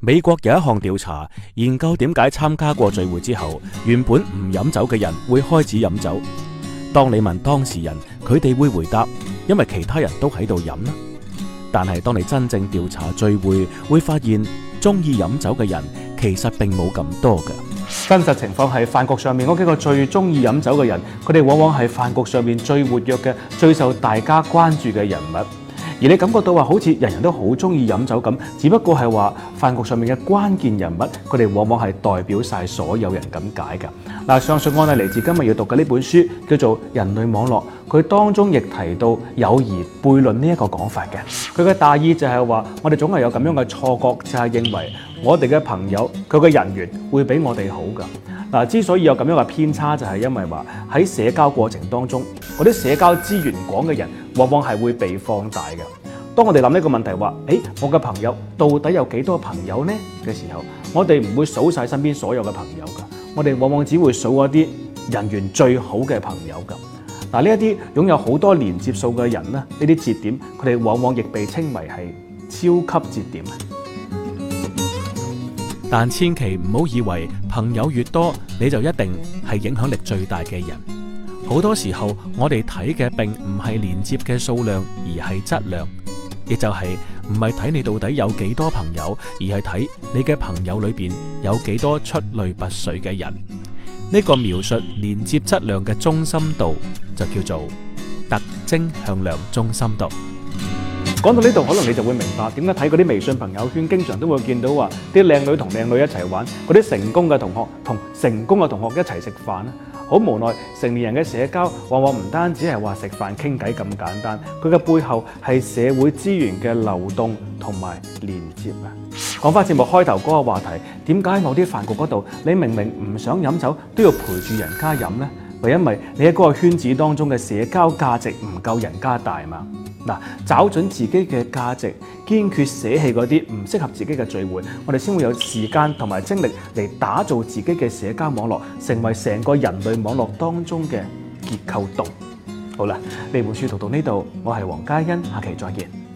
美國有一項調查，研究點解參加過聚會之後，原本唔飲酒嘅人會開始飲酒。當你問當事人，佢哋會回答，因為其他人都喺度飲。但係當你真正調查聚會，會發現中意飲酒嘅人其實並冇咁多嘅。真實情況係飯局上面嗰幾個最中意飲酒嘅人，佢哋往往係飯局上面最活躍嘅、最受大家關注嘅人物。而你感覺到話好似人人都好中意飲酒咁，只不過係話飯局上面嘅關鍵人物，佢哋往往係代表晒所有人咁解㗎。嗱，上述案例嚟自今日要讀嘅呢本書，叫做《人類網絡》，佢當中亦提到友誼悖論呢一個講法嘅。佢嘅大意就係話，我哋總係有咁樣嘅錯覺，就係認為我哋嘅朋友佢嘅人緣會比我哋好㗎。嗱，之所以有咁樣嘅偏差，就係因為話喺社交過程當中，嗰啲社交資源廣嘅人，往往係會被放大嘅。當我哋諗呢個問題話：誒，我嘅朋友到底有幾多朋友呢？嘅時候，我哋唔會數晒身邊所有嘅朋友㗎，我哋往往只會數一啲人緣最好嘅朋友㗎。嗱，呢一啲擁有好多連接數嘅人呢，呢啲節點，佢哋往往亦被稱為係超級節點。但千祈唔好以為朋友越多，你就一定係影響力最大嘅人。好多時候，我哋睇嘅並唔係連接嘅數量，而係質量，亦就係唔係睇你到底有幾多朋友，而係睇你嘅朋友裏邊有幾多出類拔萃嘅人。呢個描述連接質量嘅中心度，就叫做特徵向量中心度。講到呢度，可能你就會明白點解睇嗰啲微信朋友圈，經常都會見到話啲靚女同靚女一齊玩，嗰啲成功嘅同學同成功嘅同學一齊食飯啦。好無奈，成年人嘅社交往往唔單止係話食飯傾偈咁簡單，佢嘅背後係社會資源嘅流動同埋連接啊！講翻節目開頭嗰個話題，點解某啲飯局嗰度你明明唔想飲酒都要陪住人家飲呢？就因為你喺嗰個圈子當中嘅社交價值唔夠人家大嘛。找準自己嘅價值，堅決捨棄嗰啲唔適合自己嘅聚會，我哋先會有時間同埋精力嚟打造自己嘅社交網絡，成為成個人類網絡當中嘅結構洞。好啦，呢本書讀到呢度，我係黃嘉欣，下期再見。